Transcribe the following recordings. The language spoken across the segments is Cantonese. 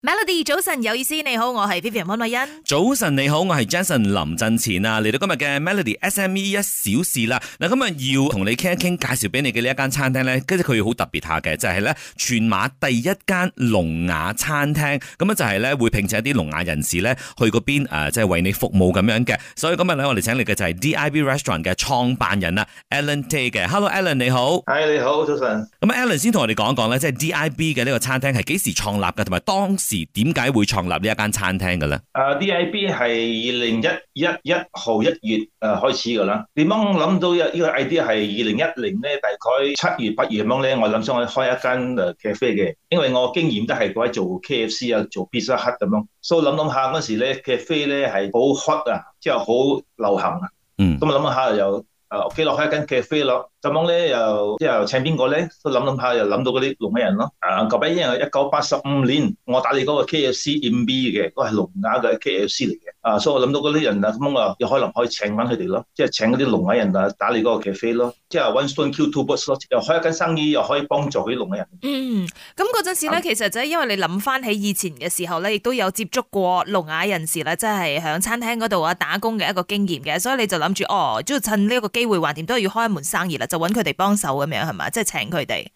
Melody 早晨有意思，你好，我係 Vivian 溫麗欣。早晨你好，我係 Jason 林振前啊！嚟到今日嘅 Melody S M E 一小時啦。嗱，今日要同你傾一傾，介紹俾你嘅呢一間餐廳咧，跟住佢好特別下嘅，就係、是、咧全馬第一間聾啞餐廳。咁樣就係咧會聘請一啲聾啞人士咧去嗰邊誒，即、呃、係、就是、為你服務咁樣嘅。所以今日咧，我哋請你嘅就係 D I B Restaurant 嘅創辦人啦 Alan Tay 嘅。Hello Alan 你好。係你好，早晨。咁啊，Alan 先同我哋講一講咧，即係 D I B 嘅呢個餐廳係幾時創立嘅，同埋當。點解會創立這間呢一間餐廳嘅咧？啊、uh,，D I B 係二零一一一號一月誒、呃、開始噶啦。點樣諗到呢個 idea 係二零一零咧？大概七月八月咁樣咧，我諗想，想我開一間誒咖啡嘅。因為我經驗都係嗰做 K F C 啊，做必勝客咁樣。所以諗諗下嗰時咧，咖啡咧係好 hot 啊，之後好流行啊。嗯、mm.。咁我諗諗下又誒屋企落開一間咖啡咯。咁樣咧，又之後請邊個咧？都諗諗下，又諗到嗰啲聾啞人咯。啊，舊比因為一九八十五年，我打理嗰個 KFC MB 嘅，都係聾啞嘅 KFC 嚟嘅。啊，所以我諗到嗰啲人啊，咁啊，又可能可以請翻佢哋咯，即係請嗰啲聾啞人嚟打理嗰個 cafe 咯。即係 One Stone Q Two Book 又開一間生意，又可以幫助啲聾啞人。嗯，咁嗰陣時咧，其實就係因為你諗翻起以前嘅時候咧，亦都有接觸過聾啞人士，咧，即係喺餐廳嗰度啊，打工嘅一個經驗嘅，所以你就諗住哦，即要趁呢一個機會，橫掂都要開一門生意啦。就揾佢哋幫手咁樣係咪？即係、就是、請佢哋。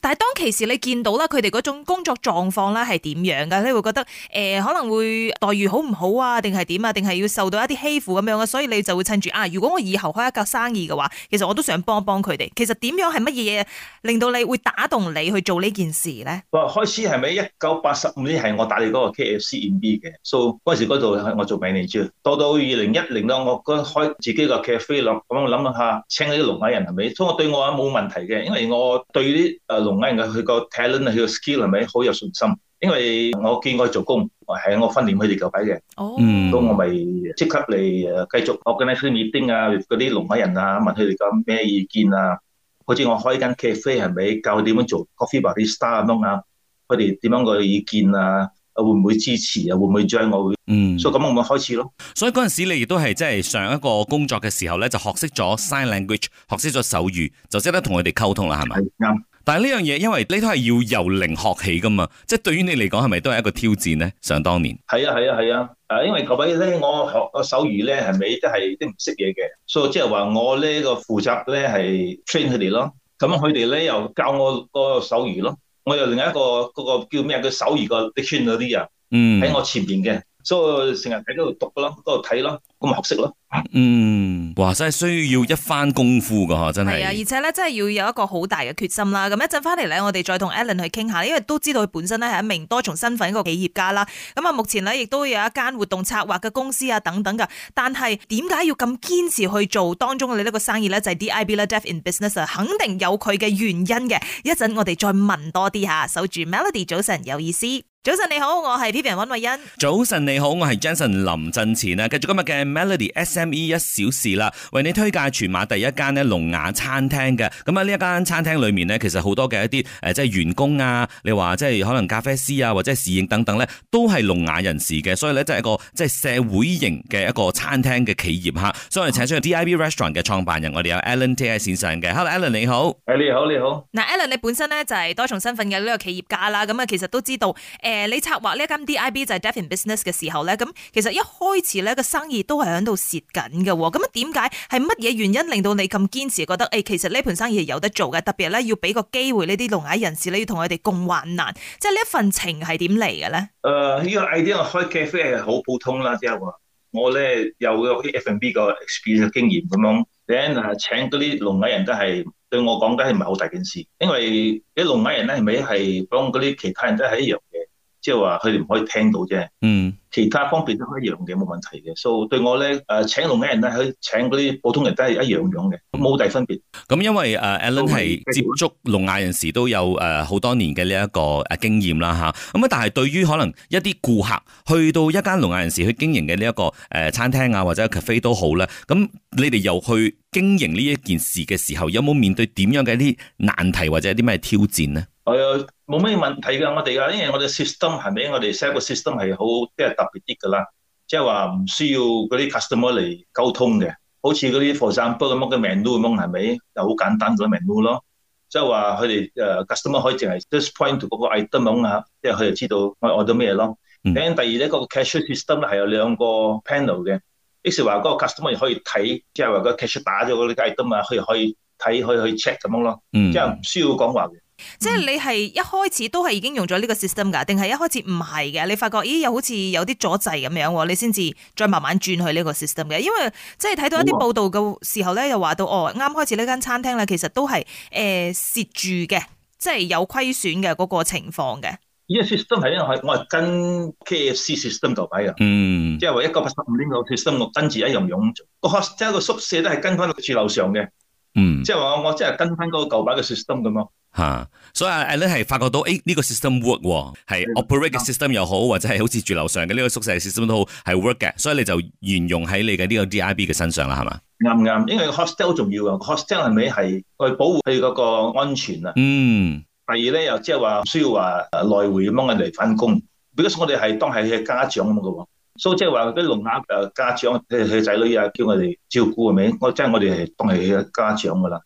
但係當其時你見到啦，佢哋嗰種工作狀況啦係點樣㗎？你會覺得誒、呃、可能會待遇好唔好啊？定係點啊？定係要受到一啲欺負咁樣啊？所以你就會趁住啊，如果我以後開一格生意嘅話，其實我都想幫幫佢哋。其實點樣係乜嘢令到你會打動你去做呢件事咧？開始係咪一九八十五年係我打理嗰個 KFC MB 嘅。s、so, 嗰時嗰度我做 Manager。到到二零一零咧，我嗰開自己個咖啡咯咁，我諗下請啲聾啞人係咪？所以我對我話冇問題嘅，因為我對啲聾啞人佢個 talent 佢個 skill 係咪好有信心？因為我見佢做工，係我訓練佢哋舊仔嘅。哦，咁我咪即刻嚟誒繼續 organizing 啊，嗰啲聾啞人啊，問佢哋講咩意見啊？好似我開間 cafe 係咪教佢點樣做 coffee barista 咁啊？佢哋點樣個意見啊？會唔會支持啊？會唔會將我會？嗯，所以咁我咪開始咯。所以嗰陣時你亦都係即係上一個工作嘅時候咧，就學識咗 sign language，學識咗手語，就識得同佢哋溝通啦，係咪？啱。但係呢樣嘢，因為呢都係要由零學起噶嘛，即係對於你嚟講係咪都係一個挑戰咧？想當年，係啊係啊係啊！誒、啊啊啊，因為嗰位咧，我學個手語咧係咪即係都唔識嘢嘅，所以即係話我呢個負責咧係 train 佢哋咯，咁佢哋咧又教我個手語咯。我有另一個嗰個叫咩啊？佢首爾個啲村嗰啲人，喺我前面嘅，所以我成日喺嗰度讀噶咯，喺嗰度睇咯。咁學識咯，嗯，哇，真係需要一番功夫噶，真係。係啊，而且咧，真係要有一個好大嘅決心啦。咁一陣翻嚟咧，我哋再同 Alan 去傾下，因為都知道佢本身咧係一名多重身份嘅一個企業家啦。咁啊，目前咧亦都有一間活動策劃嘅公司啊等等噶。但係點解要咁堅持去做當中你呢個生意咧，就係、是、DIB 咧，Deaf in Business 肯定有佢嘅原因嘅。一陣我哋再問多啲吓，守住 Melody 早晨有意思。早晨你好，我係 Peter 溫慧欣。早晨你好，我係 Jason 林振前啊。繼續今日嘅。Melody SME 一小時啦，為你推介全馬第一間咧聾啞餐廳嘅。咁啊，呢一間餐廳裏面呢，其實好多嘅一啲誒，即、呃、係、就是、員工啊，你話即係可能咖啡師啊，或者侍應等等呢，都係聾啞人士嘅。所以呢，即係一個即係、就是、社會型嘅一個餐廳嘅企業吓，所以我哋請出 DIB Restaurant 嘅創辦人，我哋有 Alan Tee 喺 i 線上嘅。Hello，Alan 你好。a 你好，你好。嗱，Alan 你本身呢，就係多重身份嘅呢個企業家啦。咁啊，其實都知道誒、呃，你策劃呢間 DIB 就係 Deaf in Business 嘅時候呢，咁其實一開始呢個生意都～都係喺度蝕緊嘅。咁啊，點解係乜嘢原因令到你咁堅持？覺得誒、哎，其實呢盤生意係有得做嘅，特別咧要俾個機會呢啲聾啞人士咧，要同佢哋共患難，即係呢一份情係點嚟嘅咧？誒、呃，呢個 idea 開 cafe 係好普通啦，之、就是、後我咧又有啲 F&B 個 experience 經驗咁樣，然後請嗰啲聾啞人都係對我講緊係唔係好大件事，因為啲聾啞人咧係咪係幫嗰啲其他人都係一樣？即係話佢哋唔可以聽到啫，其他方面都一樣嘅，冇問題嘅。所以對我咧誒，請聾啞人咧，去請嗰啲普通人都係一樣樣嘅，咁冇大分別。咁因為誒 Alan 係接觸聾啞人士都有誒好多年嘅呢一個誒經驗啦吓。咁啊，但係對於可能一啲顧客去到一間聾啞人士去經營嘅呢一個誒餐廳啊或者 cafe 都好啦，咁你哋又去經營呢一件事嘅時候，有冇面對點樣嘅一啲難題或者一啲咩挑戰咧？誒冇咩問題㗎，我哋㗎，因為我哋 system 係咪？我哋 set 個 system 係好即係特別啲㗎啦，即係話唔需要嗰啲 customer 嚟溝通嘅，好似嗰啲 for example 咁嘅 menu 咁樣係咪？又好簡單嗰啲 menu 咯，即係話佢哋誒 customer 可以淨係 just point 到嗰個 item 咁嚇，即係佢就知道我我做咩咯。咁、mm. 第二咧，嗰、那個 cashier system 咧係有兩個 panel 嘅，即是話嗰個 customer 可以睇，即係話個 cashier 打咗嗰啲 item 啊，佢可以睇可以，可以去 check 咁樣咯，即係唔需要講話。即係你係一開始都係已經用咗呢個 system 噶，定係一開始唔係嘅？你發覺咦，又好似有啲阻滯咁樣，你先至再慢慢轉去呢個 system 嘅。因為即係睇到一啲報道嘅時候咧，又話到哦，啱開始呢間餐廳咧，其實都係誒、呃、蝕住嘅，即係有虧損嘅嗰個情況嘅。呢、這個 system 係因為我係跟 KFC system、就是、度買嘅，嗯，即係話一九八十五年個 system 我跟住一樣樣，個即係個宿舍都係跟翻住樓上嘅。嗯，即、就是、係話我即係跟翻嗰個舊版嘅 system 咁咯。吓、啊，所以阿 Alex 係發覺到，誒、欸、呢、這個 system work，系統 works, operate 嘅 system 又好、嗯，或者係好似住樓上嘅呢、這個宿舍 system 都好係 work 嘅，所以你就沿用喺你嘅呢個 DIB 嘅身上啦，係嘛？啱、嗯、啱、嗯，因為 hostel 好重要啊，hostel 係咪係去保護佢嗰個安全啊？嗯，第二咧又即係話需要話來回咁樣嚟翻工，表示我哋係當係佢嘅家長咁嘅。So, 即係話啲聾啞誒家長佢佢仔女啊叫我哋照顧係咪？我即係我哋係當係佢嘅家長噶啦。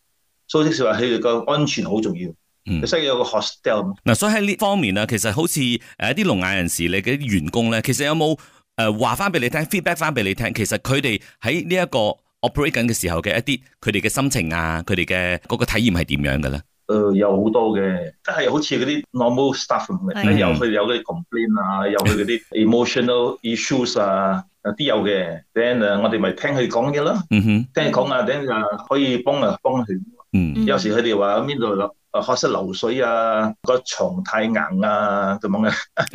So, 即是話佢哋個安全好重要。嗯，需要有個 hostel。嗱、嗯，所以喺呢方面啊，其實好似誒一啲聾啞人士你嘅啲員工咧，其實有冇誒話翻俾你聽，feedback 翻俾你聽，其實佢哋喺呢一個 operate 緊嘅時候嘅一啲佢哋嘅心情啊，佢哋嘅嗰個體驗係點樣嘅咧？誒、呃、有多好多嘅，即係好似嗰啲 normal stuff 嚟、mm、嘅 -hmm. 啊，有佢有嗰啲 complain 啊，有佢嗰啲 emotional issues 啊，啲、啊、有嘅。then 誒我哋咪聽佢講嘅咯，mm -hmm. 聽佢講啊，then 誒、uh, 可以幫啊幫佢。幫 mm -hmm. 有時佢哋話邊度誒，學識流水啊，個床太硬啊，咁樣嘅、啊，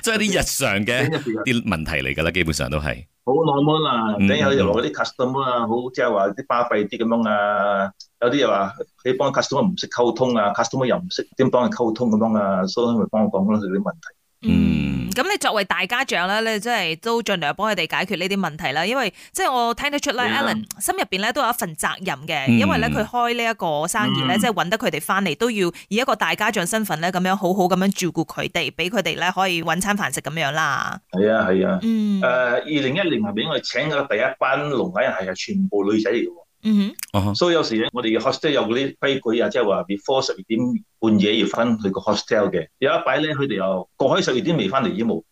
即係啲日常嘅啲問題嚟噶啦，基本上都係。好耐冇啦，頂日又攞啲 customer 啊，好即係話啲花費啲咁樣啊，嗯、有啲又話佢幫 customer 唔識溝通啊，customer 又唔識點幫佢溝通咁、啊、樣 啊，所以咪幫我講咯，啲問題。嗯，咁你作為大家長咧，你真係都盡量幫佢哋解決呢啲問題啦。因為即係我聽得出啦 Alan 心入面咧都有一份責任嘅、嗯。因為咧佢開呢一個生意咧、嗯，即係揾得佢哋翻嚟，都要以一個大家長身份咧，咁樣好好咁樣照顧佢哋，俾佢哋咧可以揾餐飯食咁樣啦。係啊，係啊。嗯。誒，二零一零年入面，我哋請咗第一班聾啞人係啊，全部女仔嚟。嗯、mm -hmm. so，就是，所以有時咧，我哋 hostel 有啲規矩啊，即係話 before 十二點半夜要翻去個 hostel 嘅。有一擺咧，佢哋又過去十二點未翻嚟，已冇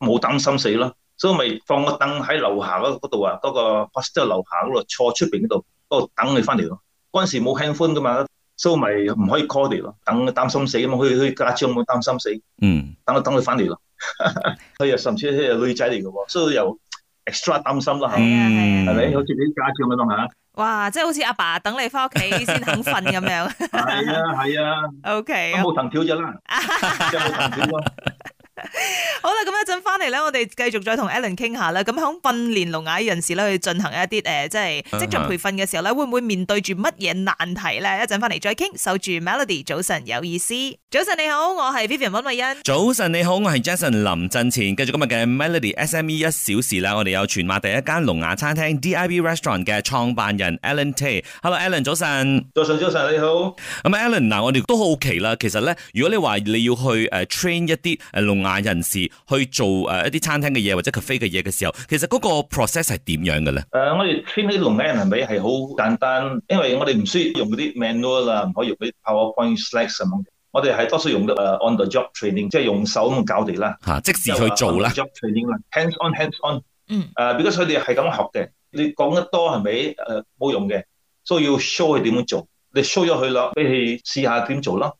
冇擔心死咯。所以咪放個凳喺樓下嗰度啊，嗰個 hostel 樓下嗰度坐出邊嗰度，嗰度等你翻嚟咯。嗰陣時冇 handphone 噶嘛，所以咪唔可以 call 你咯，等擔心死咁啊，佢佢家長冇擔心死。嗯，等啊等佢翻嚟咯。佢 又甚至係女仔嚟嘅喎，所以又 extra 擔心啦嚇，係、mm、咪 -hmm？好似啲家長咁啊嚇。哇！即係好似阿爸，爸等你返屋企先肯瞓咁樣。係啊係啊。O K、啊。Okay, 我冇藤條咗啦。啊係哈哈哈哈。 好啦，咁一陣翻嚟咧，我哋繼續再同 Alan 傾下啦。咁喺訓練聾啞人士咧去進行一啲誒，即係職業培訓嘅時候咧，會唔會面對住乜嘢難題咧？一陣翻嚟再傾。守住 Melody，早晨有意思。早晨你好，我係 Vivian 溫慧欣。早晨你好，我係 Jason 林振前。繼續今日嘅 Melody SME 一小時啦。我哋有全馬第一間聾啞餐廳 DIB Restaurant 嘅創辦人 Alan Tay。Hello Alan，早晨。早晨早晨你好。咁、嗯、Alan 嗱，我哋都很好奇啦。其實咧，如果你話你要去誒、呃、train 一啲誒聾啞。啞人士去做誒一啲餐廳嘅嘢或者咖啡嘅嘢嘅時候，其實嗰個 process 係點樣嘅咧？誒、呃，我哋 train 啲聾人係咪係好簡單？因為我哋唔需要用嗰啲 manual 啦，唔可以用啲 powerpoint slides 啊嘛。我哋係多數用到 on the job training，即係用手咁搞地啦。嚇、啊，即時去做啦。on the job training 啦 ，hands on hands on。嗯。誒，因為佢哋係咁學嘅，你講得多係咪誒冇用嘅？所以要 show 佢點樣做，你 show 咗佢啦，俾佢試下點做啦。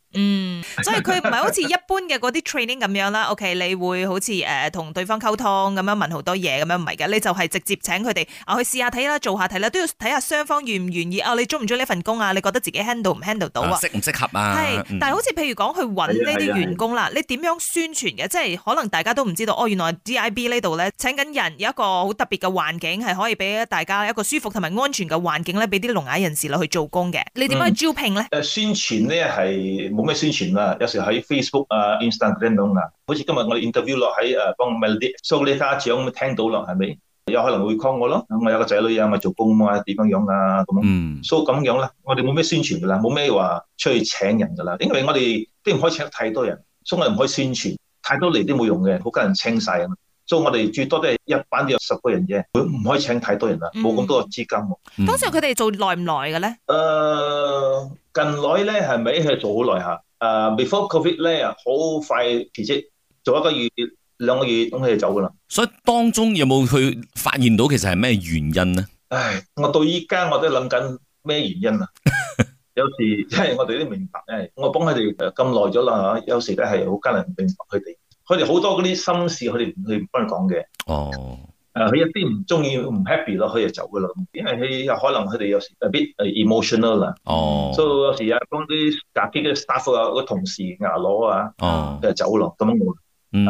嗯， 所以佢唔係好似一般嘅嗰啲 training 咁樣啦。OK，你會好似誒同對方溝通咁樣問好多嘢咁樣，唔係嘅，你就係直接請佢哋啊去試下睇啦，做下睇啦，都要睇下雙方願唔願意啊、呃。你中唔中呢份工啊？你覺得自己 handle 唔 handle 到啊？適唔適合啊？係、嗯，但係好似譬如講去搵呢啲員工啦，你點樣宣傳嘅？即係可能大家都唔知道哦，原來 DIB 裡呢度咧請緊人有一個好特別嘅環境，係可以俾大家一個舒服同埋安全嘅環境咧，俾啲聾啞人士落去做工嘅。你點樣去招聘咧、嗯？宣傳咧係。冇咩宣傳啦，有時喺 Facebook 啊、Instagram 啊，好似今日我哋 interview 咯，喺誒幫 Melody 啲 show 啲家長咁聽到咯，係咪有可能會 call 我咯？我有個仔女啊，咪做工啊，點樣樣啊咁樣、mm.，show 咁樣啦。我哋冇咩宣傳噶啦，冇咩話出去請人噶啦，因為我哋都唔可以請太多人，所以我哋唔可以宣傳太多嚟都冇用嘅，好多人清曬啊嘛。所以我哋最多都係一班都有十個人啫，佢唔可以請太多人啦，冇咁多資金。當時佢哋做耐唔耐嘅咧？誒、uh,。近來咧係咪佢做好耐？Uh, before Covid 咧，好快其實做一個月、兩個月咁佢就走噶啦。所以當中有冇去發現到其實係咩原因咧？唉，我到依家我都諗緊咩原因啊？ 有時即係、就是、我哋都明白咧，我幫佢哋咁耐咗啦，有時咧係好難明白佢哋，佢哋好多嗰啲心事佢哋唔去唔幫佢講嘅。哦。誒，佢一啲唔中意唔 happy 咯，佢就走噶啦。因為佢有可能佢哋有時 a bit emotional 啦，哦，所以有時啊，幫啲打啲嘅 staff 啊，個同事牙螺啊，哦，佢就走咯，咁樣。嗯，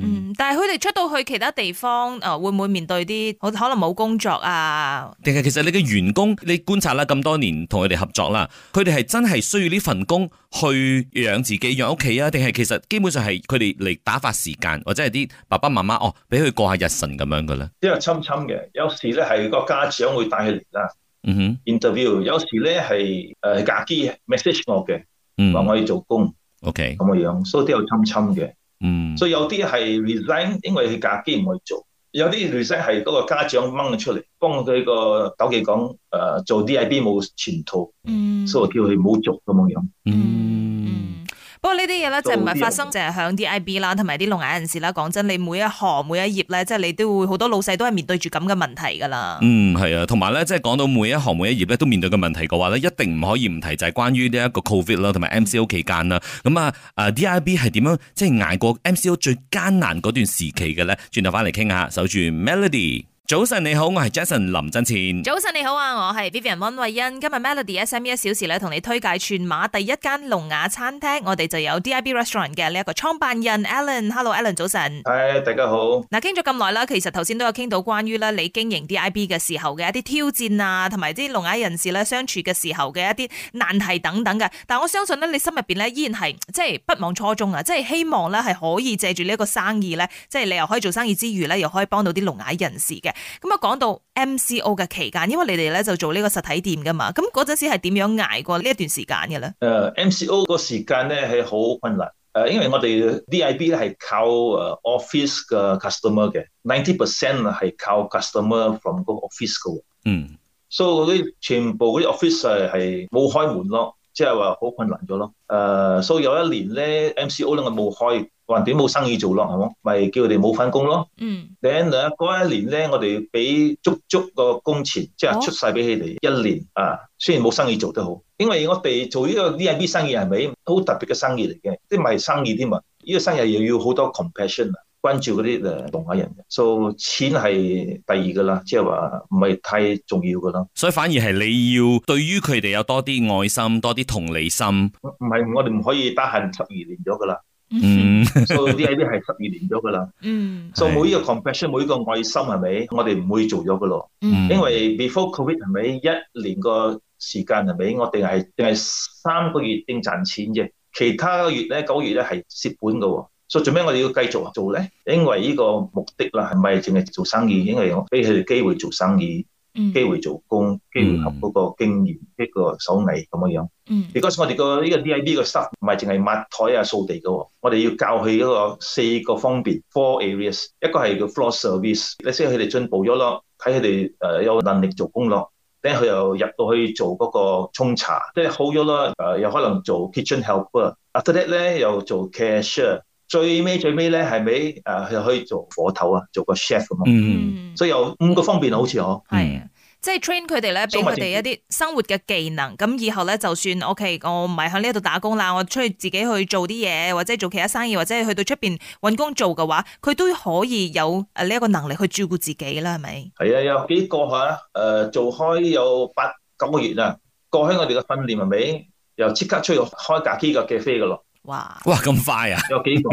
嗯，但係佢哋出到去其他地方，誒，會唔會面對啲好可能冇工作啊？定係其實你嘅員工，你觀察啦咁多年同佢哋合作啦，佢哋係真係需要呢份工去養自己、養屋企啊？定係其實基本上係佢哋嚟打發時間，或者係啲爸爸媽媽哦，俾佢過下日辰咁樣嘅咧？都有侵侵嘅，有時咧係個家長會帶佢嚟啦，嗯哼，mm-hmm.，interview，有時咧係誒假期 message 我嘅，話、mm -hmm. 我要做工，ok，咁嘅樣，所以都有侵侵嘅。嗯、mm -hmm.，所以有啲係 r e 因為佢架機唔可以做，有啲 relax 係嗰個家長掹咗出嚟，幫佢個糾結講，誒、呃，做 DAB 冇前途，mm -hmm. 所以叫佢唔好做咁樣。Mm -hmm. 不過呢啲嘢咧，就係唔係發生，淨係響 DIB 啦，同埋啲聾啞人士啦。講真，你每一行每一業咧，即係你都會好多老細都係面對住咁嘅問題噶啦。嗯，係啊，同埋咧，即係講到每一行每一業咧，都面對嘅問題嘅話咧，一定唔可以唔提，就係關於呢一個 COVID 啦，同埋 MCO 期間啦。咁啊，誒，DIB 係點樣，即係捱過 MCO 最艱難嗰段時期嘅咧？轉頭翻嚟傾下，守住 Melody。早晨，你好，我係 Jason 林振前。早晨，你好啊，我係 Vivian 温慧欣。今日 Melody S M E 一小時咧，同你推介全馬第一間聾啞餐廳。我哋就有 D I B Restaurant 嘅呢一個創辦人 Alan。Hello，Alan，早晨。大家好。嗱，傾咗咁耐啦，其實頭先都有傾到關於咧你經營 D I B 嘅時候嘅一啲挑戰啊，同埋啲聾啞人士咧相處嘅時候嘅一啲難題等等嘅。但我相信咧，你心入邊咧依然係即係不忘初衷啊，即係希望呢係可以借住呢一個生意呢，即係你又可以做生意之餘呢，又可以幫到啲聾啞人士嘅。咁啊，講到 MCO 嘅期間，因為你哋咧就做呢個實體店噶嘛，咁嗰陣時係點樣挨過呢一段時間嘅咧？誒，uh, MCO 個時間咧係好困難，誒，因為我哋 DIB 係靠 office 嘅 customer 嘅，ninety percent 係靠 customer from 個 office 嘅。嗯。所以嗰啲全部嗰啲 office 係冇開門咯，即係話好困難咗咯。誒，所以有一年咧，MCO 令到冇開。橫掂冇生意做咯，係嘛？咪叫佢哋冇返工咯。嗯，然後嗰一年咧，我哋俾足足個工錢，即、就、係、是、出曬俾佢哋一年、oh. 啊。雖然冇生意做得好，因為我哋做呢個 DIB 生意係咪好特別嘅生意嚟嘅？即係唔係生意添啊？呢、這個生意又要好多 compassion 啊，關注嗰啲誒老人家人，所、so, 以錢係第二噶啦，即係話唔係太重要噶啦。所以反而係你要對於佢哋有多啲愛心，多啲同理心。唔係，我哋唔可以得閒十二年咗噶啦。嗯、mm -hmm. so so mm -hmm.，所以啲 idea 係十二年咗噶啦。嗯，所以每一個 compassion，每一個愛心係咪？我哋唔會做咗噶咯。嗯、mm -hmm.，因為 before COVID 咪一年個時間係咪？我哋係定係三個月定賺錢嘅，其他月呢個月咧九月咧係蝕本噶喎。所以做咩我哋要繼續做咧？因為呢個目的啦係咪？淨係做生意，因為我俾佢哋機會做生意。機會做工，機會學嗰個經驗，mm. 一個手藝咁樣樣。嗯，如果我哋個呢個 D.I.B. 個 staff 唔係淨係抹台啊、掃地噶，我哋要教佢一個四個方面 （four areas）。一個係叫 floor service，你先佢哋進步咗咯，睇佢哋誒有能力做工咯，等佢又入到去做嗰個沖茶，即係好咗咯。誒，又可能做 kitchen helper。After that 咧，又做 cashier。最尾最尾咧，係咪誒佢可以做火頭啊？做個 chef 咁咯。嗯，所以有五個方面好似可。係啊，即係 train 佢哋咧，俾佢哋一啲生活嘅技能。咁以後咧，就算 O、okay, K，我唔係喺呢度打工啦，我出去自己去做啲嘢，或者做其他生意，或者去到出邊揾工做嘅話，佢都可以有誒呢一個能力去照顧自己啦，係咪？係啊，有幾個嚇、啊、誒、呃、做開有八九個月啊，過去我哋嘅訓練係咪？又即刻出去開架機架嘅飛嘅咯。哇！哇咁快啊！ 有幾個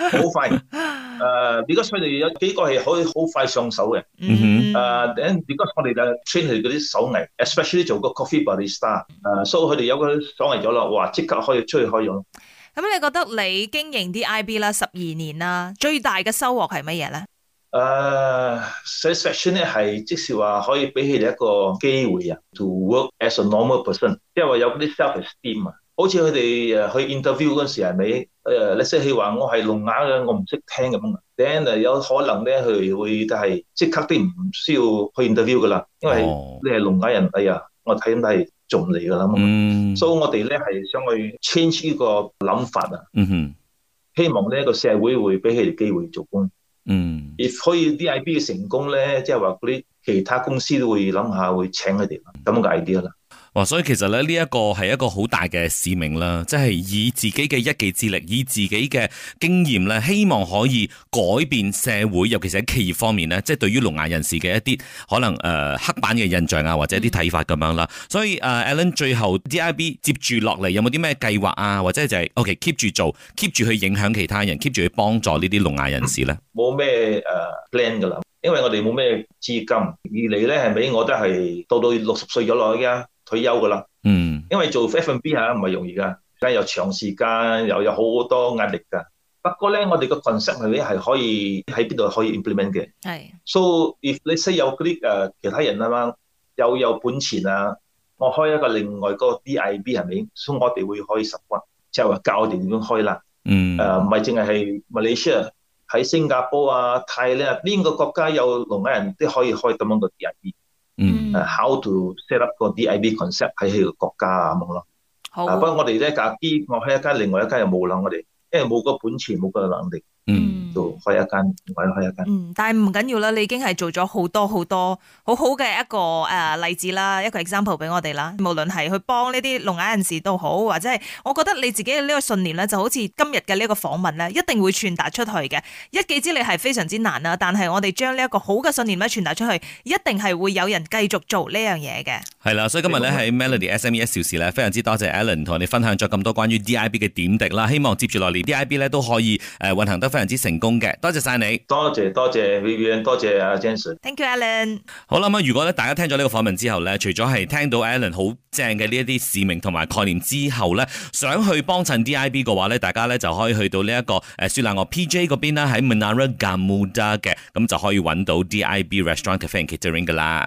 好快誒，而家佢哋有幾個係可以好快上手嘅。誒、uh, mm -hmm. uh,，而家我哋嘅 train 嗰啲手藝，especially 做個 coffee barista。誒，所以佢哋有個手藝咗啦，哇，即刻可以出去可以用。咁你覺得你經營啲 IB 啦，十二年啦，最大嘅收穫係乜嘢咧？誒 satisfaction 咧係即是話可以俾佢哋一個機會啊，to work as a normal person，即係話有啲 self-esteem 啊。好似佢哋誒去 interview 嗰時係咪誒？你識佢話我係聾啞嘅，我唔識聽嘅咁啊。then 有可能咧，佢會都係即刻啲唔需要去 interview 噶啦，因為你係聾啞人，哎呀，我睇咁都係做唔嚟噶啦。嗯，所以我哋咧係想去 change 呢個諗法啊、嗯。希望呢個社會會俾佢哋機會做工。嗯，如果啲 ib 嘅成功咧，即係話嗰啲其他公司都會諗下會請佢哋，咁個 idea 啦。哇！所以其實咧，呢一個係一個好大嘅使命啦，即係以自己嘅一技之力，以自己嘅經驗咧，希望可以改變社會，尤其是喺企業方面咧，即係對於聾啞人士嘅一啲可能誒、呃、黑板嘅印象啊，或者啲睇法咁樣啦。所以誒、呃，Alan 最後 DIB 接住落嚟有冇啲咩計劃啊？或者就係 OK，keep 住做，keep 住去影響其他人，keep 住去幫助呢啲聾啞人士呢？冇咩誒 plan 噶啦，因為我哋冇咩資金，二嚟呢，係咪我都係到到六十歲咗落去啊？退休噶啦，嗯、mm.，因為做 F&B 係、啊、唔係容易噶，但係又長時間又有好多壓力噶。不過咧，我哋個模式係咪係可以喺邊度可以 implement 嘅？係、mm.。So if 你識有嗰啲誒其他人啊嘛，又有本錢啊，我開一個另外個 DIB 係咪？所、so、以我哋會開十個，即係話教人點樣開啦。嗯、mm. 呃。誒，唔係淨係係 Malaysia 喺新加坡啊、泰咧、啊，邊個國家有聾啞人都可以開咁樣個 DIB。嗯，誒，how to set up 個 DIB concept 喺佢個國家啊，咁樣咯。好，不過我哋咧架機，我喺一間，另外一間又冇啦。我哋，因為冇個本錢，冇個能力。嗯，都開一間，我亦開一間。嗯，但係唔緊要啦，你已經係做咗好多好多好好嘅一個誒例子啦，一個 example 俾我哋啦。無論係去幫呢啲聾啞人士都好，或者係，我覺得你自己嘅呢個信念咧，就好似今日嘅呢個訪問咧，一定會傳達出去嘅。一己之力係非常之難啦，但係我哋將呢一個好嘅信念咧傳達出去，一定係會有人繼續做呢樣嘢嘅。係啦，所以今日咧喺 Melody S M E S 小時咧，非常之多謝 Alan 同我哋分享咗咁多關於 D I B 嘅點滴啦，希望接住落嚟 D I B 咧都可以誒運行得非常之成功嘅。多謝晒你，多謝多謝 v i l i a m 多謝阿 j a s o n Thank you，Alan。好啦，咁如果咧大家聽咗呢個訪問之後咧，除咗係聽到 Alan 好正嘅呢一啲市名同埋概念之後咧，想去幫襯 D I B 嘅話咧，大家咧就可以去到呢一個誒，雪蘭莪 P J 嗰邊啦，喺 Menara Gamuda 嘅，咁就可以搵到 D I B Restaurant Cafe a d Catering 噶啦。